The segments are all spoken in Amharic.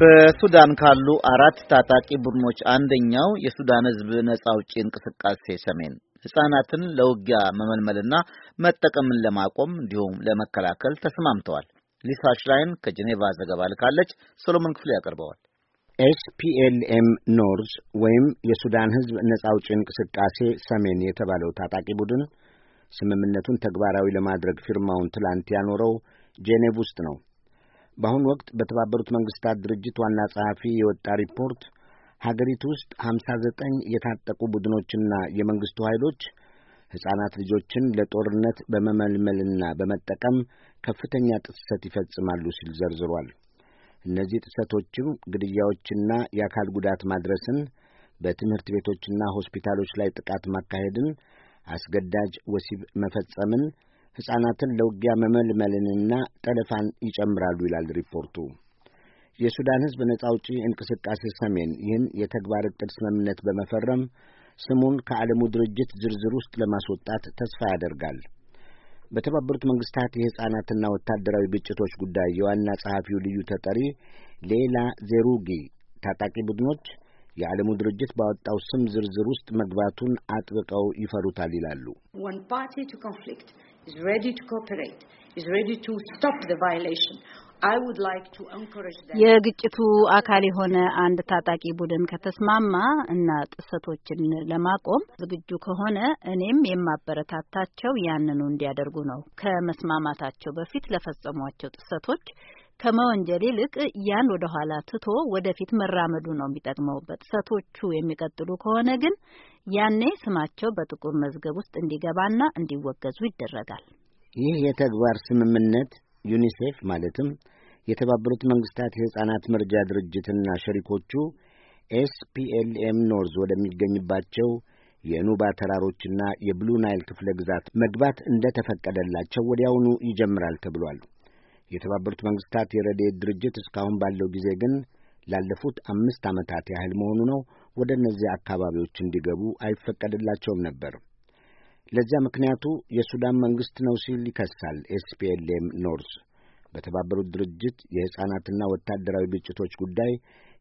በሱዳን ካሉ አራት ታጣቂ ቡድኖች አንደኛው የሱዳን ሕዝብ ነጻ አውጪ እንቅስቃሴ ሰሜን ሕፃናትን ለውጊያ መመልመልና መጠቀምን ለማቆም እንዲሁም ለመከላከል ተስማምተዋል። ሊሳ ሽላይን ከጄኔቫ ዘገባ ልካለች። ሶሎሞን ክፍሌ ያቀርበዋል። ኤስፒኤልኤም ኖርዝ ወይም የሱዳን ሕዝብ ነጻ አውጪ እንቅስቃሴ ሰሜን የተባለው ታጣቂ ቡድን ስምምነቱን ተግባራዊ ለማድረግ ፊርማውን ትላንት ያኖረው ጄኔቭ ውስጥ ነው። በአሁኑ ወቅት በተባበሩት መንግስታት ድርጅት ዋና ጸሐፊ የወጣ ሪፖርት ሀገሪቱ ውስጥ ሀምሳ ዘጠኝ የታጠቁ ቡድኖችና የመንግስቱ ኃይሎች ሕፃናት ልጆችን ለጦርነት በመመልመልና በመጠቀም ከፍተኛ ጥሰት ይፈጽማሉ ሲል ዘርዝሯል። እነዚህ ጥሰቶችም ግድያዎችና የአካል ጉዳት ማድረስን፣ በትምህርት ቤቶችና ሆስፒታሎች ላይ ጥቃት ማካሄድን፣ አስገዳጅ ወሲብ መፈጸምን፣ ሕፃናትን ለውጊያ መመልመልንና ጠለፋን ይጨምራሉ ይላል ሪፖርቱ። የሱዳን ሕዝብ ነጻ አውጪ እንቅስቃሴ ሰሜን ይህን የተግባር ዕቅድ ስምምነት በመፈረም ስሙን ከዓለሙ ድርጅት ዝርዝር ውስጥ ለማስወጣት ተስፋ ያደርጋል። በተባበሩት መንግስታት የሕፃናትና ወታደራዊ ግጭቶች ጉዳይ የዋና ጸሐፊው ልዩ ተጠሪ ሌላ ዜሩጊ ታጣቂ ቡድኖች የዓለሙ ድርጅት ባወጣው ስም ዝርዝር ውስጥ መግባቱን አጥብቀው ይፈሩታል ይላሉ። የግጭቱ አካል የሆነ አንድ ታጣቂ ቡድን ከተስማማ እና ጥሰቶችን ለማቆም ዝግጁ ከሆነ እኔም የማበረታታቸው ያንኑ እንዲያደርጉ ነው። ከመስማማታቸው በፊት ለፈጸሟቸው ጥሰቶች ከመወንጀል ይልቅ ያን ወደ ኋላ ትቶ ወደፊት መራመዱ ነው የሚጠቅመውበት። ሰቶቹ የሚቀጥሉ ከሆነ ግን ያኔ ስማቸው በጥቁር መዝገብ ውስጥ እንዲገባና እንዲወገዙ ይደረጋል። ይህ የተግባር ስምምነት ዩኒሴፍ ማለትም የተባበሩት መንግስታት የሕፃናት መርጃ ድርጅትና ሸሪኮቹ ኤስፒኤልኤም ኖርዝ ወደሚገኝባቸው የኑባ ተራሮችና የብሉ ናይል ክፍለ ግዛት መግባት እንደተፈቀደላቸው ወዲያውኑ ይጀምራል ተብሏል። የተባበሩት መንግስታት የረድኤት ድርጅት እስካሁን ባለው ጊዜ ግን ላለፉት አምስት ዓመታት ያህል መሆኑ ነው ወደ እነዚህ አካባቢዎች እንዲገቡ አይፈቀድላቸውም ነበር። ለዚያ ምክንያቱ የሱዳን መንግሥት ነው ሲል ይከሳል ኤስፒኤልኤም ኖርዝ። በተባበሩት ድርጅት የሕፃናትና ወታደራዊ ግጭቶች ጉዳይ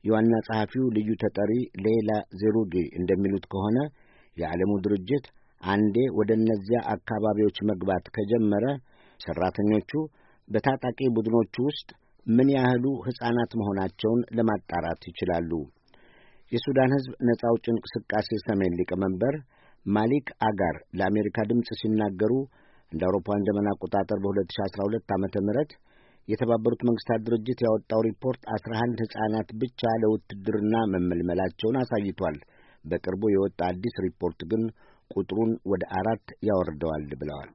የዋና ጸሐፊው ልዩ ተጠሪ ሌላ ዜሩጊ እንደሚሉት ከሆነ የዓለሙ ድርጅት አንዴ ወደ እነዚያ አካባቢዎች መግባት ከጀመረ ሠራተኞቹ በታጣቂ ቡድኖቹ ውስጥ ምን ያህሉ ሕፃናት መሆናቸውን ለማጣራት ይችላሉ። የሱዳን ሕዝብ ነጻ አውጪ እንቅስቃሴ ሰሜን ሊቀመንበር ማሊክ አጋር ለአሜሪካ ድምፅ ሲናገሩ እንደ አውሮፓውያን ዘመን አቆጣጠር በ2012 ዓ ም የተባበሩት መንግሥታት ድርጅት ያወጣው ሪፖርት 11 ሕፃናት ብቻ ለውትድርና መመልመላቸውን አሳይቷል። በቅርቡ የወጣ አዲስ ሪፖርት ግን ቁጥሩን ወደ አራት ያወርደዋል ብለዋል።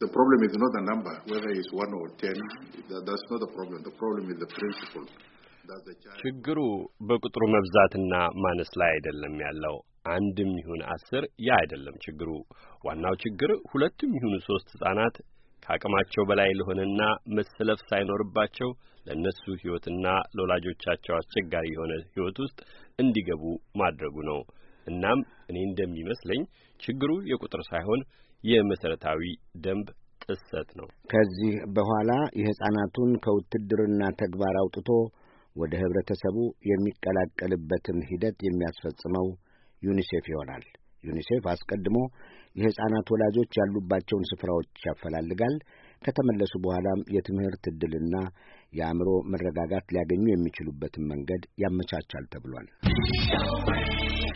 The problem is not the number, whether it's one or ten. That's not the problem. The problem is the principle. ችግሩ በቁጥሩ መብዛትና ማነስ ላይ አይደለም ያለው። አንድም ይሁን አስር ያ አይደለም ችግሩ። ዋናው ችግር ሁለትም ይሁኑ ሶስት ህጻናት ከአቅማቸው በላይ ለሆነና መሰለፍ ሳይኖርባቸው ለእነሱ ህይወትና ለወላጆቻቸው አስቸጋሪ የሆነ ህይወት ውስጥ እንዲገቡ ማድረጉ ነው። እናም እኔ እንደሚመስለኝ ችግሩ የቁጥር ሳይሆን የመሰረታዊ ደንብ ጥሰት ነው። ከዚህ በኋላ የሕፃናቱን ከውትድርና ተግባር አውጥቶ ወደ ህብረተሰቡ የሚቀላቀልበትን ሂደት የሚያስፈጽመው ዩኒሴፍ ይሆናል። ዩኒሴፍ አስቀድሞ የሕፃናት ወላጆች ያሉባቸውን ስፍራዎች ያፈላልጋል። ከተመለሱ በኋላም የትምህርት ዕድልና የአእምሮ መረጋጋት ሊያገኙ የሚችሉበትን መንገድ ያመቻቻል ተብሏል።